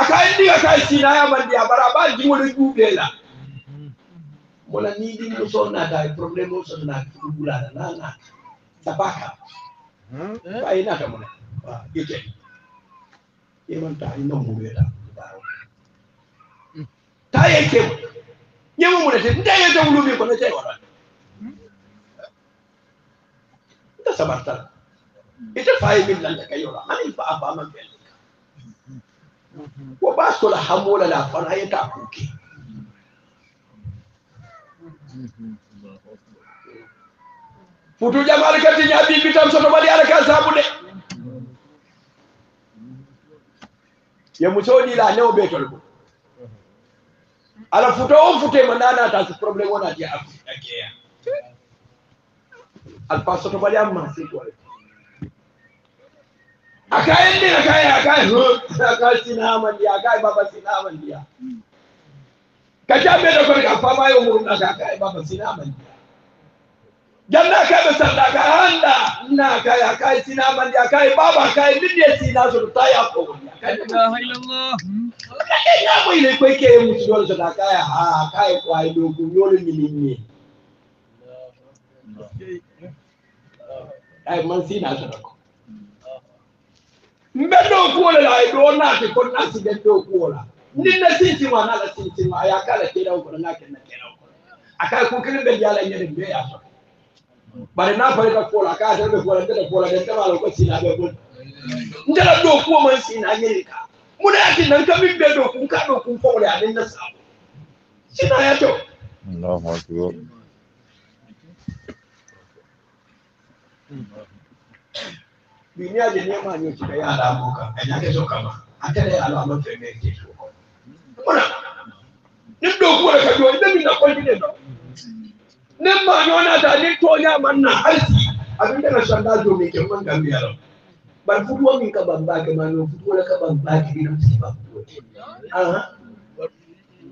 akaye ndiga kaye sina yamandi abara ba jingole juɓela mona ni ɗin ɗo sonnata probléme o sonnata fulgulana nana sabaka faye nata mona ƴete ino muɗoyeta ta yenkemo ƴemo munete nta yente wulumi kono te waɗan nta sabartala ite faye min landa kayola hanin fa a faman felle wa ba su la hamola la fara ya ta kuke futu jamal kati nya bi bitam soto bali ala sabu de ya musodi la neo betol ko ala futo o futo manana ta su problem wona dia afu agea al pasoto bali amma si ko akaye ndira akaye akaye akasina mandiya akaye baba sina mandiya kajambe da kwarka fama yo murun da akaye baba sina mandiya janna kai ba sanda ka handa na kai akaye sina mandiya kai baba kai minne sina so ta ya ko kai la ilallah kai na ko ile ko ke mu so da da kai ha kai ko ai do ku yole ai man sina so da ko mbedo kuola la do na ke kon na si do kuola ni na sinti ma na la sinti ma ya kala ke da ko na ke na ke da ko aka ko kele be yala nyere be ya so bare na pare ka kola ka ta be kola de kola de ta ma ko si na be ko ndala do ko man si na nyere ka muna yake nan ka min bedo kun ka do kun ko da din na sa sina ya to Allahu akbar duniya da nema ne kika yi ala abokan a yake so kama a kada yi ala abokan ne ke so kuna ni dokuwa ka jo idan ni na kwanki ne ne ma ne wani ta ne to ya manna arsi abin da na shanda jo me ke mun gambi yaro ban fuduwa min ka ban ba baki ma no fuduwa ka ban ba baki ne musu ba aha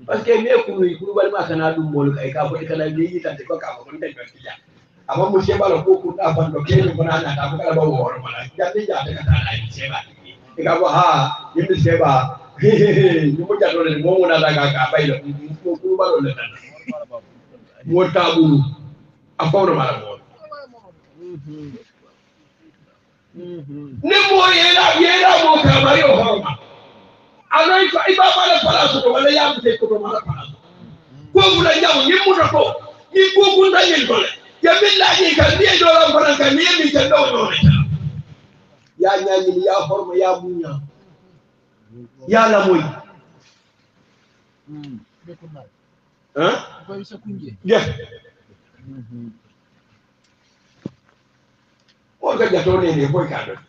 parce que me kunu kunu bal ma kana dum bol kai ka ko kana ne yi ta ko ka ko mun ka gaskiya amma mu sheba la ko ku da ban do kene ko na ta ko kala ba wo ro mala ya te ya te ka ta na sheba e ka ha ni mi sheba he he ni mo ja do le mo na da ka ka ba ile ko ku ba do le ta mo ta bu a fa ro mala mo ne mo ye la ye la mo ka ba yo ho ma ana ifa iba ba la pala so ko wala ya mu te ko mala pala ko ni mu na ni ko ku na ye ko yabillahi kandiye joran konan kandiye mi tan ɗo ñoneta ya nyanyi, ya horma ya muña ya lamoy on ka jato nene foy ka ɗon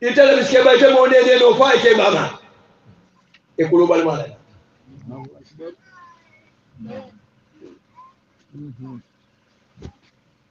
itala miske ɓaytamo nene ɗo fa eke mama e kuluɓal maɗa mm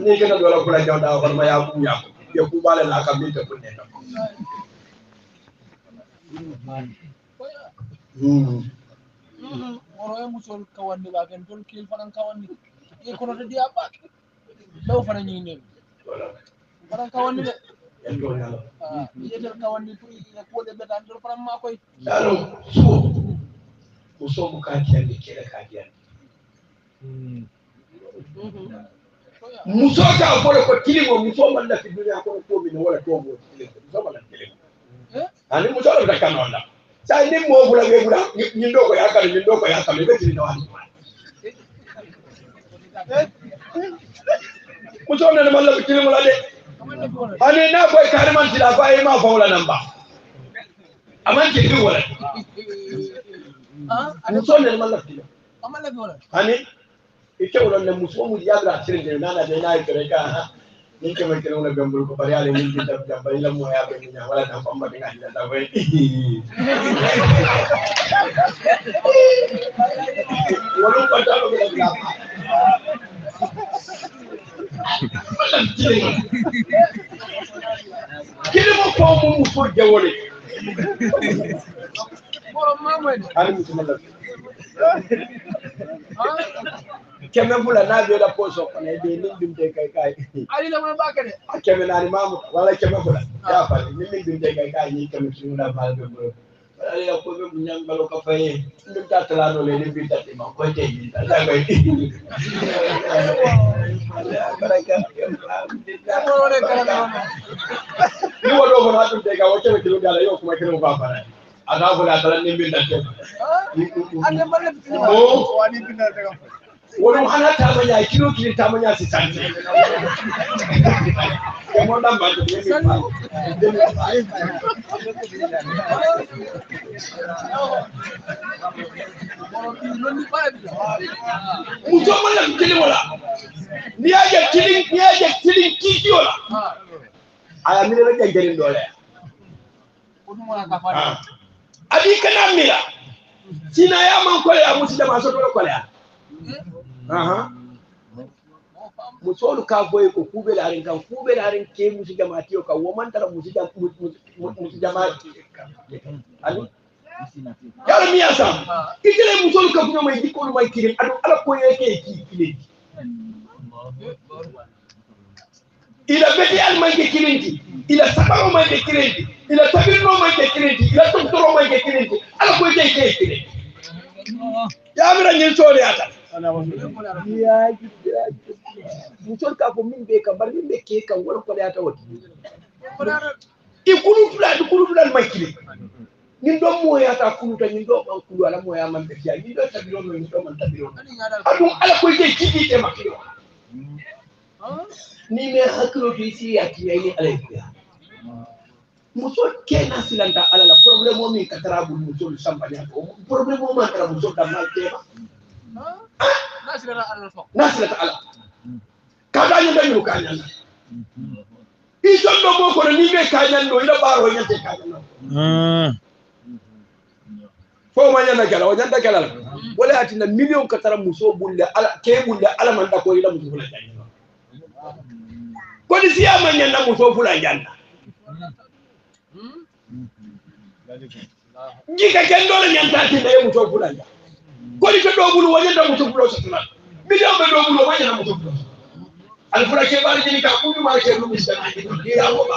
ni eh, kena dora kula jawda ko ma ya ku ya ya ku bala la ka bita kunne ta woro e musol kawandi ba ken ton kil fanan kawandi e kono to dia ba law fanan ni ne fanan kawandi ah, de yetel kawandi pour ina kuwoɗe ɓetan ton fanan ma koy ɗalo eh. suwo musomo ka jiyandi keɗa ka jiyandi hmm. hmm. muso t'a fɔlɔ ko kili ma muso ma lati duniya kɔnɔ ko min wala tɔw b'o kelen fɛ muso ma lati ani muso de eh? bɛ kan ni mɔgɔ wula bɛ wula nin dɔ y'a kanu nin dɔ y'a kanu i bɛ jigin dɔ hali muso nana ma lati kelen ani n'a ko kari ma jira ko ayi ma fɔ wala nan ba a ma jigin wala muso nana ma lati kelen ani. ya musomu yabra ne nana de nayi tere ka ha ni keme kene una gambul ko bari ale ni tab tab bari la moya be nya wala na famba de ngai da we wala ko la kini mo ko mo mo fo jawole moro mamani ali mo ko la kɛmɛ fula n'a bɛ la posɔn fana i bɛ yen dun tɛ ka ka ye. hali lamɔn kɛ dɛ. a kɛmɛ naani wala kɛmɛ y'a faamu ni min dun tɛ ka ka ye kɛmɛ sugu la baara bɛ bolo ale yɛrɛ ko bɛ bonya n balo ka ye n bɛ taa kalan dɔ la ne bɛ taa tɛmɛ ko tɛ yen ala ka ye. ni wa dɔw fana tun tɛ ka o kɛmɛ kelen la i y'o kuma kelen fana ye. a a taara ni tɛ. a ma wani tamanya ta manya kilo kilo ta manya su tsanci ya mo dan ba da ne ba mutum mana kili wala ni ya ga kilin ni ya ga kilin kiki wala aya mire da gangarin dole abi kana ah. mira sina ya man kwala ya musu da masu dole kwala hmm? musolu ka boy ko kuɓel aren kan kuɓel aren ke musijamati o ka womantara musijamati ani yala miya sam ikele musolu ka kunamay jikkolu may kirin aɗum ala koyeke ki kilenki ila beti almanke kilinti ila sabaro manke kilinti ila tabirno manke kilinti ila toktoro manke kilinti ala koyeke ke kilinti yamira ñin soole atal yaaji ka ko min ɓe kam mbar min ɓe ke kam wona ko ɗayata wode i kulutuɗaɗi kulutuɗal makkile ñin ɗon moyata kuluta ñin ɗo ɓan kulu ala moya man ɓe fiya ñin ɗon tabirono ñin ɗon man tabiro aɗum ala koye de jiɗɗite makkile o ni me hakkiloto isi yakkiyayni alay fiya muso kena silanta ala la problème o min katara bul musolu sambaniata o problème o man tara musol nasilata ala kadaño dañiro kañanna i ton ɗo kono ni ɓe kañan ɗo ina ɓaaro ñante kañanna fo ma ñanda kala o ñanda kalala wala atina million ka tara muso ɓulle ala ke ɓulle ala man ɗako fula janna kodi siya ma ñanda muso fula janna jika ye muso fula golito ɗogulu wañanda mutum ɗo sotulan miɗoɓe ɗogulu wañana mutum ɗo ala fota keɓare jeni ka ɓuɗumara ke ɗum isdanaji ɗum ɗirawoɓa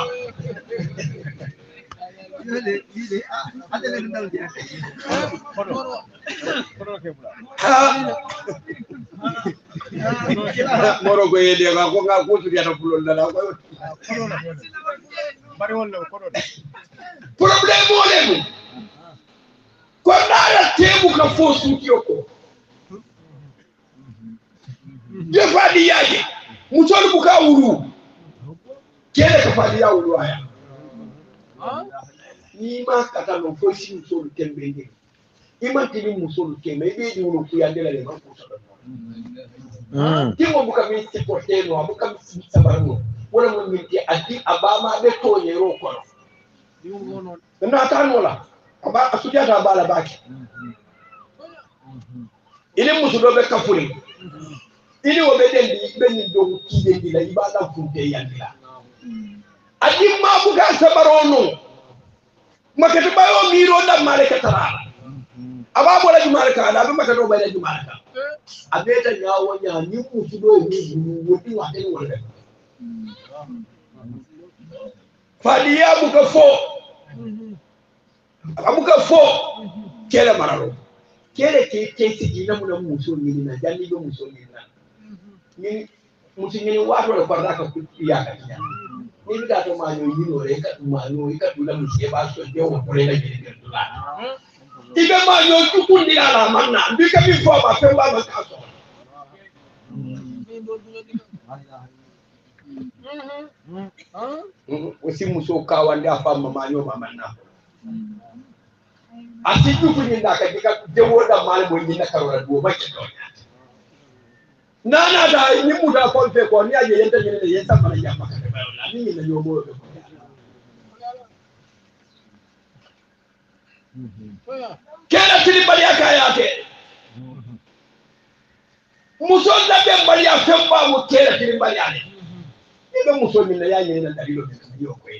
moro ko yeede ka ko nga kuturiyata pulol nana probléme olemu konara tebu ka fo studio ko ye fadi yaye mutol hmm. buka uru, kele ka fadi ya wuru aya ni ma kata no fo shi mutol ima kini musol kembe ibe di wuru ku ya dela le ma ko sa ti buka mi ti porte mi ti wala mo mi ti adi abama de to yero ko na ta no la sojata bala baki ili muso dɔ bɛ kafori ili o bɛ den bi i bɛ nin dɔn k'i de bila i b'a la k'u de yan bila a ni maabu ka sabaraw nɔ makɛtɛ ba y'o miiri o da maale ka taara a b'a bɔra jumaa kan a bɛ makɛtɛ o bɛɛ la jumaa kan a bɛ ta ɲa o ɲa ni muso dɔw b'i bolo o ni wa kelen wɛrɛ fadenya b'u ka amukafo kɛlɛ mara rɔ kɛlɛ k'e cɛsiri n'a mɔna muso ɲini na ja n'i bɛ muso ɲini na ni muso ɲini waati dɔ de kɔrɔla ka kuli y'a ka diya n'i bɛ k'a to maa ɲɔ ɲini o la i ka maa ɲɔ i ka don la mm-hmm. Mm-hmm. muso ye b'a sɔrɔ diɲɛ o kɔrɔ i ka jeli kɛ la i bɛ maa ɲɔ jugu di a la a ma na n b'i ka min fɔ a ma fɛn b'a ma k'a sɔrɔ. o si muso kawandi a fa mama ɲɔ mama na. asiju kunyinda kadika jewoda mali mo nyinda karora duo makedo nana da ni muda ko fe ko ni aje yenta nyinda yenta mala jamba ka ba la ni nyinda yo mo ko kera tili bali aka yake muso da be bali afemba mo kera tili bali ane ni be muso nyinda ya nyinda dalilo be yo ko ni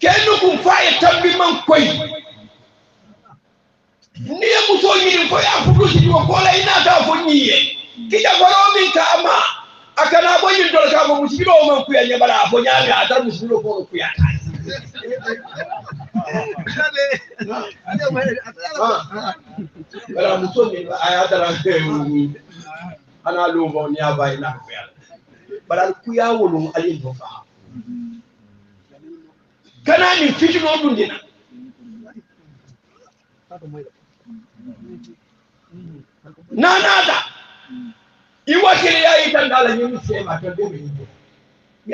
kenukun fa yɛ tam bi man koyi ni ye muso ɲini ko y'a furu sigi o kɔla i n'a t'a fɔ ɲi ye kija kɔrɔ min k'a ma a kana bɔ ɲin dɔ k'a fɔ musigi dɔw man kuya ɲɛ bala a fɔ ɲa mɛ a taara musigi dɔw kɔrɔ kuya ta wala muso min a y'a dara ana l'o fɔ ni y'a ba ye n'a kuya bala kuya wolon ale nɔ fa kana ni fiji no bundina na nada iwakili ya itangala nyinyi yi tandemi ne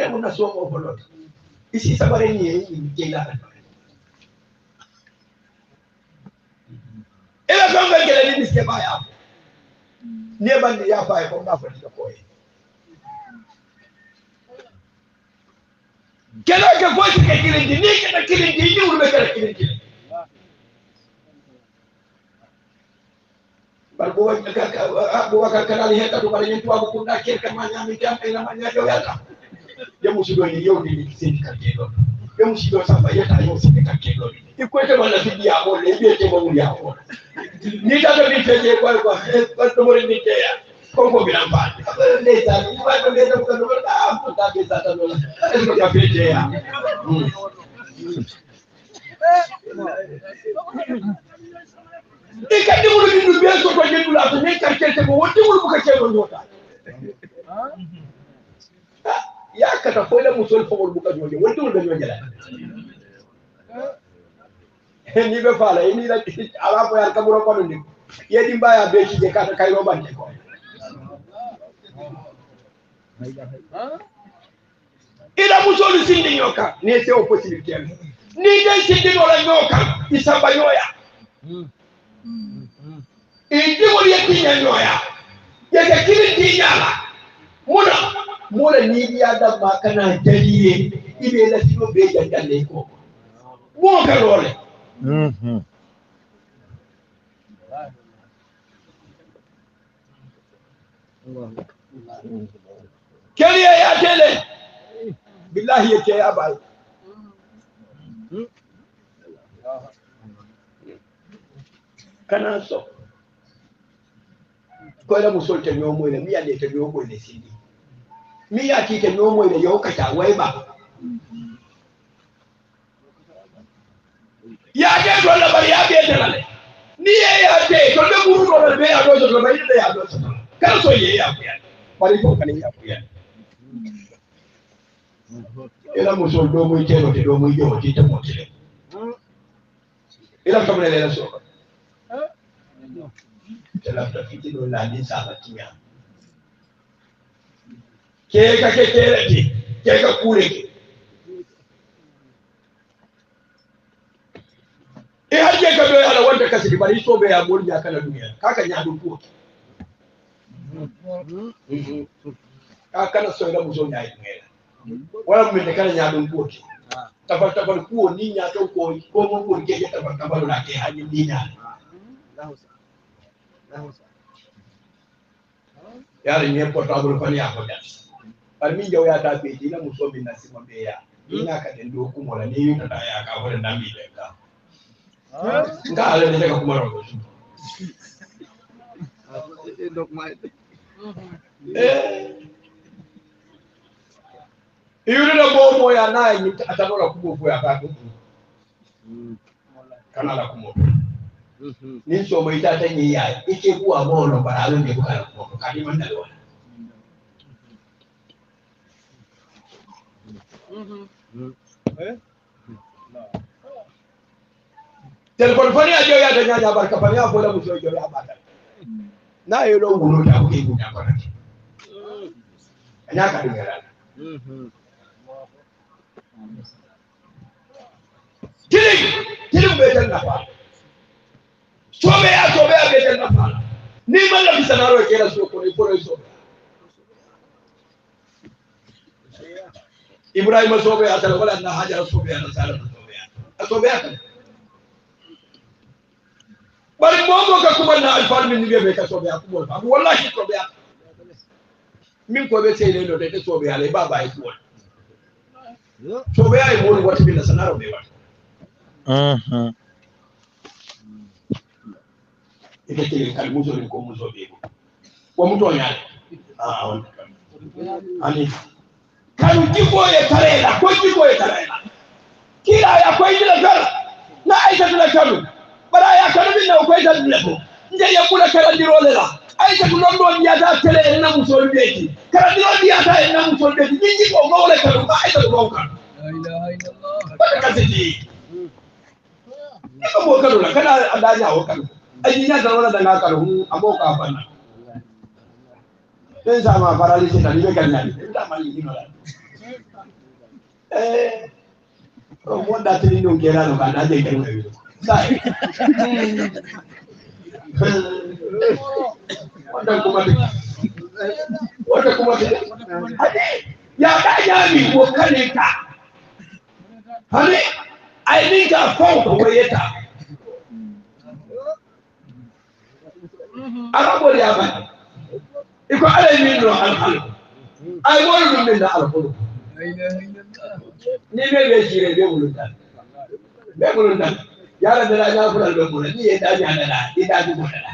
mimi na soma overload isi sabare ni yeye mjela ila kwa ngele ni sema yapo ne bandi yafa ko ndafa ndikoe kelaka kote ka kilindi nike na kilindi nyi ulumekala kilindi balbo abu wakakalali heta tubale nyentu wabu kunda kirka manya mitamba ina yata ya musido ni yo ni kisendi kakelo ya musido samba yeta yo sinde kakelo ikwete bana fidi ya ole ibe te mawuli como gravado. Não vai aprender não ficar no meu carro, tá pensando no meu carro. E ka dingulu do nu bee soto je dula to ne ka kete ko wo dingulu bu ka ke do nyota ya ka ta ko le musol fo bu ka joje wo dingulu da joje la ni be fala ni la ala ko yar ka buro ko ndi ye dimba ele vai ci je ka ka yo ban ko iramuso olusinga enyoka neeseewo possibility eno ninga ensindiga olwanyoka isamba nyoya indigo lyekinyanyooya yekekiri tinyala muna mula nibyagamba kanajaliye ibeera sino bejajala ekoko bwonkaloole Thank mm-hmm. you. kariya ya tele billahi ya bai kana so ko da musul ta biyo da miya da ta biyo mu da sidi miya ki ta biyo da yau kata wai ba ya ke dole bari ya ke tare ni ya ke to da buru dole be ya do to bai da ya do kar so ye ya ku ya bari ko kan ya ku ya era musodde omuyitero tera omuyija omukiyita munkiremu era mutamuleera sooka tafiti nolandisa abatinya keka kekereke keka kuleke e hajje ka do ala wanda kasiri bari so be ya bolnya kana duniya kaka nya do ko kaka na so ila muzo nya ngela wala mumendekana ñaɗonkuoke tabal tabal kuwo ni ñaton ko komo ɓuri jeƴe tabal tabalolake hañi ni ñaade yaara ñe portable fan yaako jat par min jawyata ɓeydila muso min be ya ina hmm? katen ɗo kumola ni yutata yaka hore le ka nka ala de daga kumara ko eh iwulire bwomoyo anaye atanola kubuvuya akaku kanala kumoto ninsomo itata nyiyaye ikikuwa mono balalo ndikukala kumoto kati mandalona telefoni fani ajo yata nyanya barka fani abola musojo ya bata nayo lo wulo ya kuibu nyakona anyaka dingerana tilin tilin bai tallafa sobe ya sobe ya bai tallafa ni mala bisa na roke na so ko ne ko ne sobe ibrahim sobe ya talwala na hajar sobe ya nasara sobe ya sobe ya bari mogo ka kuma na alfar min nige bai ka sobe ya kuma wallahi sobe ya min ko bai sai ne no da sobe ya lai ba ba ya tuwa coɓeyayi mo woni watta billa sana rewɓe watta ɓe telen kadi musoɗen ko muso ɓeego womo toñaade ani kañum jiggoye tareeɗa koye jiggoye tareeɗa kiiɗaya na aytatula kanum mbaɗaya kano minnawo koye tan dule ko nde yeɓɓuɗa karandirole la aysatu noon ɗo mbiyata tele en namusol ɓeeti karandirol mbiyata en namusol ɓeeti jinjiggo gowle kanum ma aysatu gow kanum barka ka mo karo kana Allah ya hawo ai ina da wannan na karo hu aboka bana dan sama paralysis da ni kan nan da mali ni wala eh mo da tini no kera no kana je kero sai wannan kuma wannan kuma ya ka ya ko kare ka hane ainihin fɔw kɔkɔ ye ta a ka bɔ de y'a ba i ko ala ye min dɔn alikalo a ye wari min bɛ na alikolo ni bɛ bɛ si yɛrɛ i bɛ wolo da bɛ wolo da yala bɛ la n y'a fɔ la bɛ wolo n'i ye da ɲa da la i da bi wolo da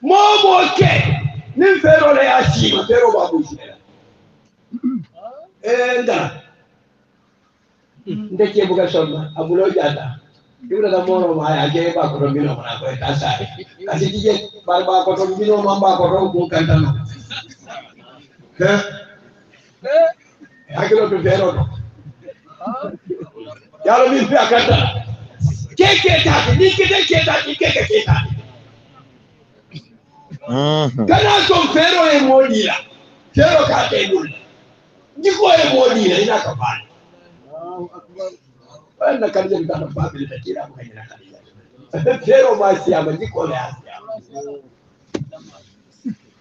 mɔɔ b'o kɛ ni n fɛrɛ la y'a si ma fɛrɛ b'a gosi ɛɛ n ta n tɛ tiɲɛ bukɛ sɔn ma a bolo ja ta i bɛ taa mɔgɔ ma a jɛ e b'a kɔrɔ minɛ kɔnɔ a ko e ta sa ye a ti jɛ bari b'a kɔrɔ minɛ ma b'a kɔrɔ o kun kan tan nɔ hɛn hakili tun fɛrɛ dɔn yalo min fɛ a ka ta k'e k'e ta ni k'e tɛ k'e ta ni k'e tɛ ta. Mhm. kana son fero e modila fero ka te kai bulla ko e modila ina ka bani wanda ka da ta bi ta kira mu ina ka karje fero ma siya ma jiko ne asiya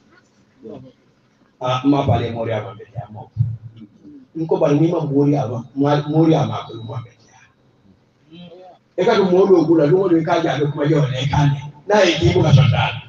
ah ma ba bale moria ba be ya mo nko ba ni ma moria ma moria ma ko mo be ya e ka to mo lo gula lo mo de ka ja do ko yo le ka ne na e ki bu ka ta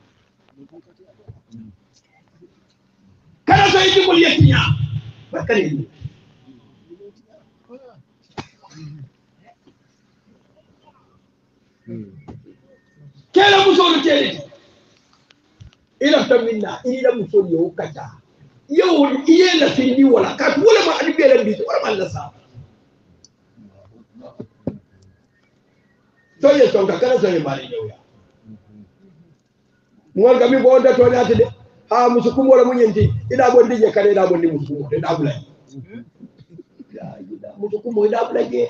sa yijibol yettiña bakkane ni kela musolu keleti ilafta minna inila musolu yewo kacca yewo iye lasindi wala kati wolema ani biyelen mbiti walama lasa soye sonka kana soye mari ñewya mugal kami bo onda toñati de ha musukumola munyenti idabonde je kale idabonde musukumole idabulaje musukumo idabulaje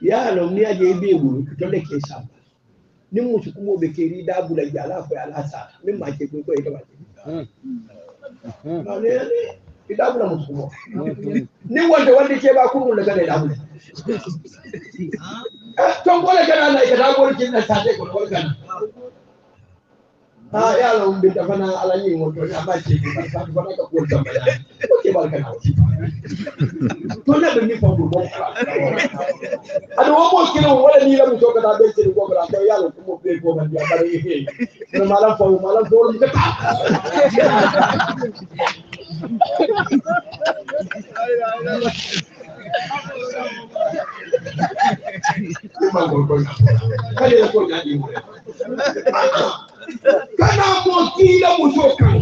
yalo mni aje ibibulu kitoleke samba ni be keri musukumo bekeri idabulaje alafu alasa ma ke ko ita ba hmm. idabula musukumo hmm. ni wanda wanda ke ba kunu daga da idabula eh, to gole kana na ka dabo kin da sate ko kana ta ah, yala mun binta fana alayi mun to na bace ki ta ko na ka ko ta baya ko ke balka na ci to na da ni fa bu ko ado wo ko kilo wala ni la mu to ka ta be ci ko bra ta yala ko be ko ban ya bare yi na malam fa malam do ni ka ta Kali ya ko na ni mo. kana moti la muso kan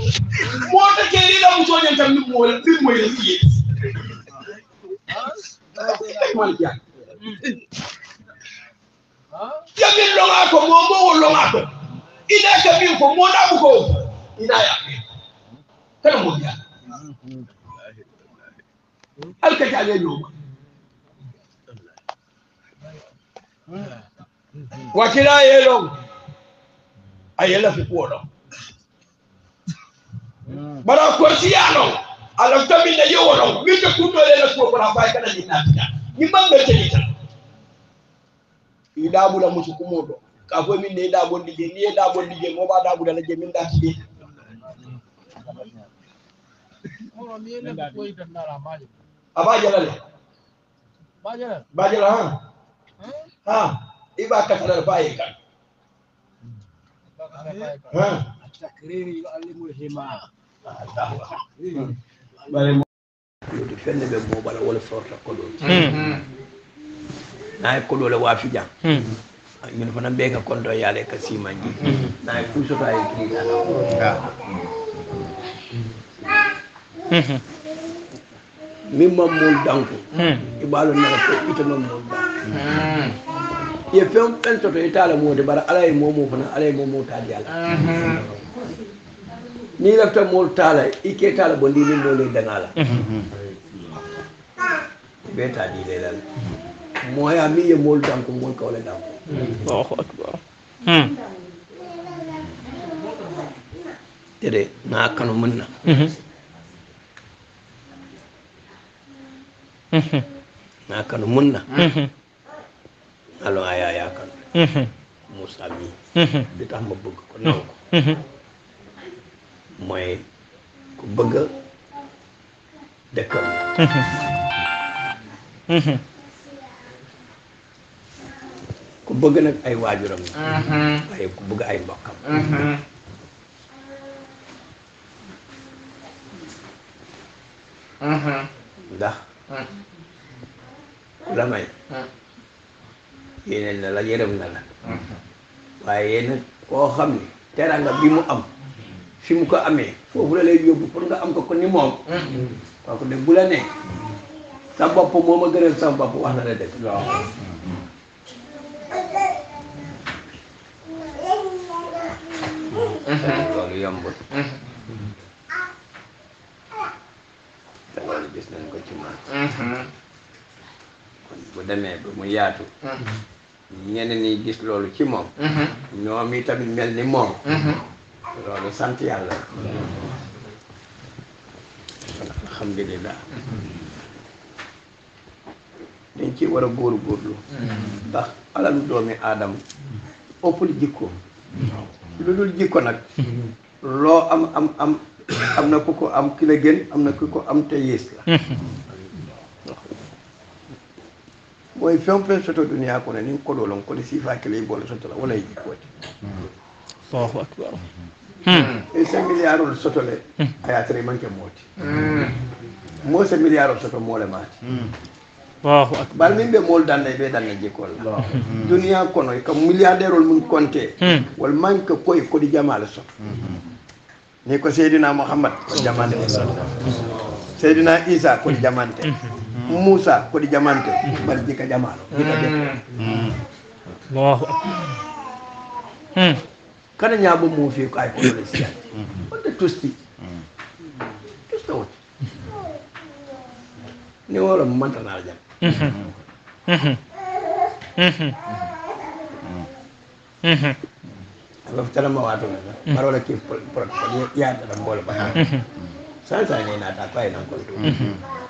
mota keri la muso ɲɛ ka min mɔla min mɔla i ye ya min lɔn a kɔ mɔ mɔ wo lɔn a kɔ i n'a kɛ min fɔ mɔ n'a ko ko i n'a y'a kɛ kana mɔ diya hali ka taa ale ɲɔgɔn ma wa kira ye lɔn. ayelafikoo no bara kortiyano alafta min na yeworo min te kundole na kuo kona fay kana dinna tina ni mambe te ita idabu la musu kumodo ka fo min ne dabo dige ni dabo dige mo ba dabo la je min da tige aba jalale ba jalale ba jalale ha ha iba ka kala ba yikan yoto fenne ɓe moɓala wala sorta koɗole naye koɗole waafi jam min fana mbe ka konto yaale ka simanji naye tout soto aye kiɗiɗana min mam mol danko iɓalo nana ko itano mol danko ye fen fen toto ita la moti bara ala ye momo fana ala ye momo taadi ala ni lafta moolu taala i ke taala bondi ni moolu danga la be taadi le la moya mi ye moolu danko moolu kawle danko allahu akbar hmm. tere na kanu mun na na kanu mun na kalau aya kan Moussa mii bi tax ma bëgg ko naw ko mooy ku bëgg dëkkam mhm. mhm. ku bëgg nag ay waajuram waaye mhm. ku bëgg ay ndax yéeneel na la yërëm na la mhm. waaye nag koo xam ne teranga bi mu am fi mu ko amee foofu la lay yóbbu pour nga am ko ko ni moom mhm. kooku de bu la ne moom a gënal sa wax na la dëgg mhm. loolu yombul te loolu gis nañ ko ci man kon bu demee ba mu yaatu ñeneen ñi gis loolu ci moom mm-hmm. ñoom yi tamit mel ni moom mm-hmm. loolu sant yàlla alhamdulilah mm-hmm. dañ ci war a góor góorlu ndax alalu doomi aadama ëppul jikko lu dul jikko nag loo am am am am na ku ko am ki la gën am na ku ko am te yées la moy feŋ feŋ soto duniyaa kono ko lolon ko kodi siifaa ke lay bolo soto la wala yi ko ti allahu akbar hmm. e i se miliyaarolu soto le a ye man ke moti hmm mo se miliyaarolu soto mo le hmm Allahu akbar min be mol dan lay be danna jikol la hmm. duniyaa hmm. ko no ko milliardairolu mun konté wal man ke koy kodi di le soto ni ko seydina muhammad ko jamante seydina isa kodi jamante Musa ko di jamante bal jika jamalo jika de Allahu hmm kana nyaabu mu fi ko ay hmm. ko le sia ko de tusti hmm. tusto ni wala man manta ala jam mhm, mhm. ma wato na baro la ki pro ya da mbolo ba sa sa ni na ta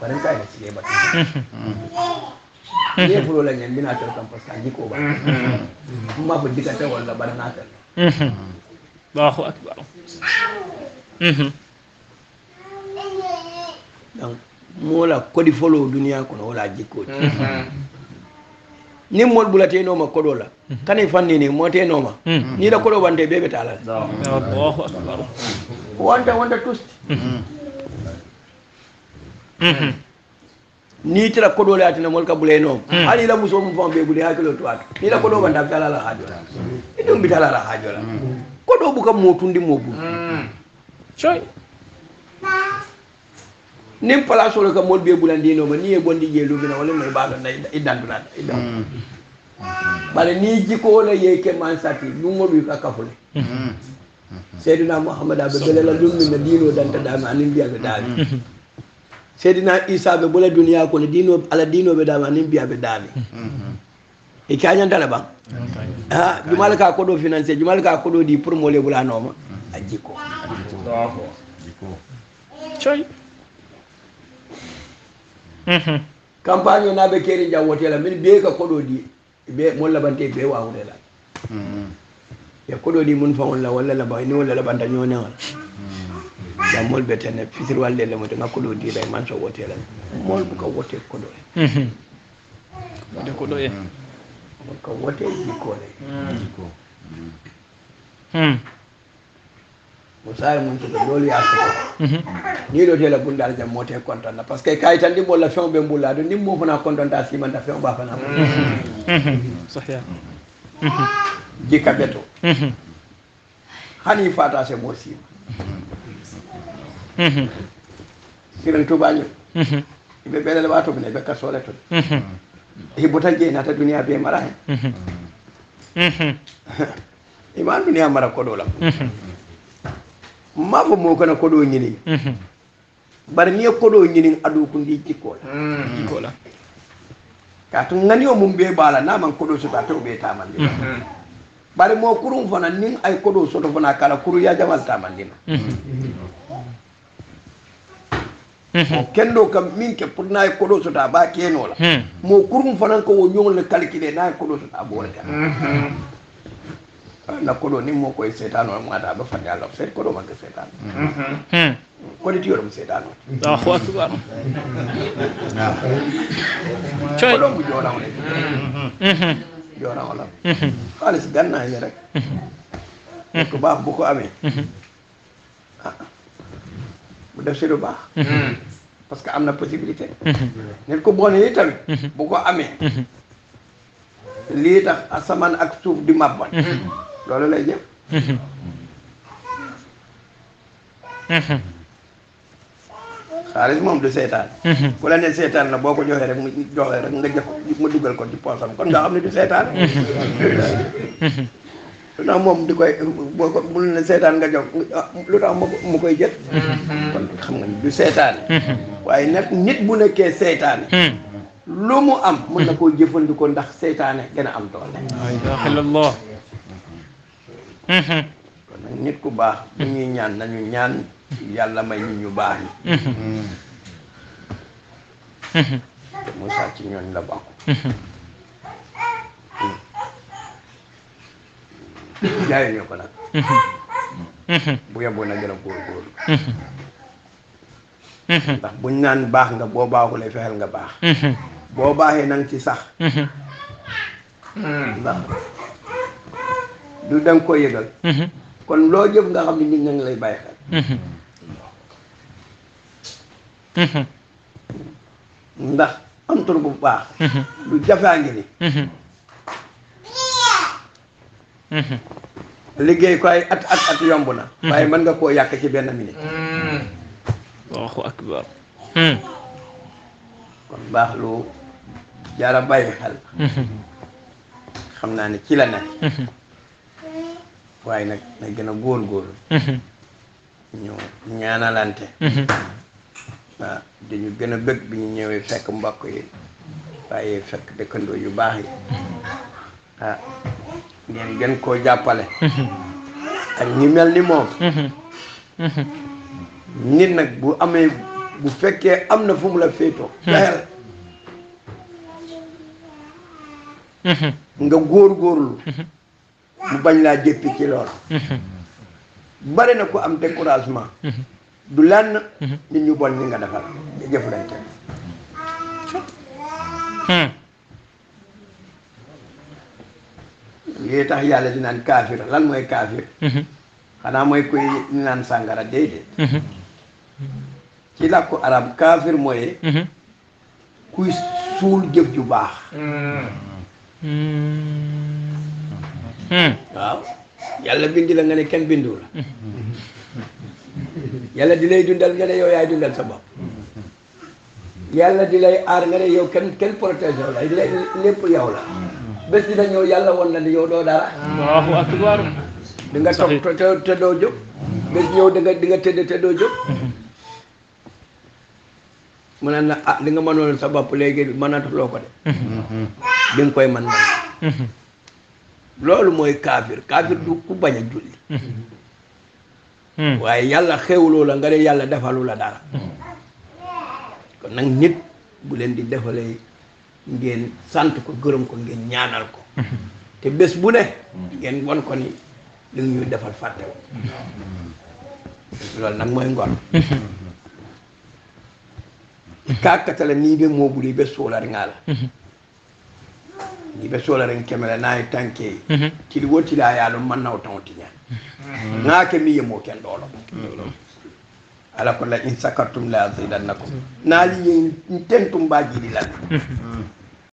fanan ta da cire ba ne fulo la nyandi na tar kan paska ji ko ba kuma bu dika ta walla bar na tar ak akbar mhm. donc mola kodi folo duniya kono wala jikko ni mol bulate no ma kodo la kane fanni ni mote no ma ni da kodo bante bebe talal Allahu akbar wanda wanda tusti mhm ni tira kodo le atina mol ka bulay no hali la muso mun fon be bulay hakilo to at ni la kodo banda kala la hajo la idum bitala la hajo la mm-hmm. kodo buka motundi mobu mm. choy nim place wala ka mol be bulandi no ma ni e gondi je lu bina wala may bala na idan duna idan bale ni jiko la ye ke man sati lu ngodu ka kafule mm. sayyidina muhammad abe belela dum min dino danta dama anin biya ga dali mm-hmm. seydina isa ɓe bole duniya ko ne dino ala dinoɓe dama nin mbiyaɓe daami mhm. e cañantala ɓan mhm. ha jumala ka koɗo financé jumala ka koɗo di pour mo lebulanoma a jikko coy mhm. campagne o naɓe keeri jawwotela min ɓee ka koɗo di ɓe mon laɓante ɓe wawrelan e koɗo ɗi mun fawon la walla laba ni wolla laɓanta ñoneol da mol betene fitir walde le mo nga di bay man so wote la mol bu ko wote ko do hmm de ko do e mhm. ko e. wote di ko le hmm mhm. musari mun to li asu hmm ni do tela bundal jam mote konton parce que kay tan dimbo la fion be mbula do dimbo fana konton ta man da fion ba fana mhm. sahiya ka beto hani fata se mo sima siran tubañol ɓe ɓelele mhm. wato mine ɓe kasole toon hibbota mhm. jeeni hata duniya be mara hen mhm. iman duniya mara koɗo lam mafo mo kana koɗo ñini bari ni koɗo ñini aɗo ko ndi jikkola mm. jikkola ka to ngani o mum ɓe ɓaala naman koɗo sota to ɓe tamande bari mo kurum fana nin ay koɗo soto fana kala kuru ya jamal tamandima o mhm. kendo kam min ke pour naye koɗo sota ba kenola mhm. mo kurum fanan ko wo ñogolle calculé naye koɗo sota boole kan mhm. ah, na koɗo ni mo koye setan o mata ba fande allah seet koɗo magge setan koɗe tiyoɗomo setan o allahu akbar koɗo mo joɗamo de joɗamo lam halis ganna ene rek ko ba boko ame mu def si lu baax. Hmm. parce que am na possibilité. Hmm. nit ku asaman yi tamit. Hmm. bu ko tax ak di mabban. lalu lay jëm. xaalis moom du seetaan. ku la ne seetaan la boo ko joxee rek mu joxee rek nga jëf mu ko ci kon nga lu tax moom di koy boo ko bu ne seetaan nga jox lu tax mu koy jël kon xam nga du seetaan mm-hmm. waaye nag nit bu nekkee seetaan mm-hmm. lu mu am mën na koo jëfandikoo ndax seytaane gën a am doole alhamdulilah mm-hmm. kon nag nit ku baax bu ñuy ñaan nañu ñaan yàlla may nit ñu baax ñi te Moussa ci ñooñ la bokk jaay ñu ko nag bu yeboo na gën a buñ naan baax nga boo baaxulee fexeel nga baax boo baaxee nang ci sax ndax du da nga ko yëgal kon loo jëf nga xam ne nit lay bàyyi xel ndax antur bu baax lu jafaa ngi ni Mm-hmm. liggéey ko ay at at at yomb na. Mm-hmm. waaye mën nga koo yàq ci benn minute. Mm-hmm. Allahu hmm. kon baax lu jaara bàyyi xel. xam naa ni ci la nag. waaye nag na gën a góorgóorlu. ñu ñaanalante. waaw ah, dañu gën a bëgg bi ñu ñëwee fekk mbokk yi waaye fekk dëkkandoo yu baax yi ah. ngeen gën koo jàppale ak mel ni moom nit nag bu amee bu fekkee am na fu mu la féetoo fexeel nga góorgóorlu mu bañ laa jéppi ci lool na ko am découragement du lenn nit ñu bon nga defal jëf lañ lii tax yàlla di naan kaafir lan mooy kaafir mhm. xanaa mooy kuy naan sàngara déedéet mhm. ci làkku arab kaafir mooy mhm. kuy suul jëf ju baax waaw yàlla bindi la nga ne kenn bindu la yàlla di lay dundal nga ne yow yaay dundal sa yàlla di lay aar nga ne yow kenn kenn protégé la lépp yow la bés dina ñëw yàlla woon na ni yow doo dara. Allahu akbar. di nga toog te te doo jóg. bés ñëw di nga di nga tëdd te doo jóg. mu naan na ah li nga mënoon sa bopp léegi mënatuloo ko de. di nga koy mën na loolu mooy kaafir kaafir du ku bañ a julli. waaye yàlla xewloo la nga ne yàlla defalu la dara. kon nag nit bu leen di defalee. ngeen sant ko gërëm ko ngeen ñaanal ko te bés bu ne ngeen won ko ni li ñuy defal fàttew loolu nag mooy ngor kakatala niiɓe moɓuuri ɓe soolare ngaala ni ɓe soolaren kemele nayi tanke tili wo tila yaalo mannaw taw tiña ŋaake mi yemo ken ɗoolo ala ko la in sakartum la azidannakum naali ye n tentum baa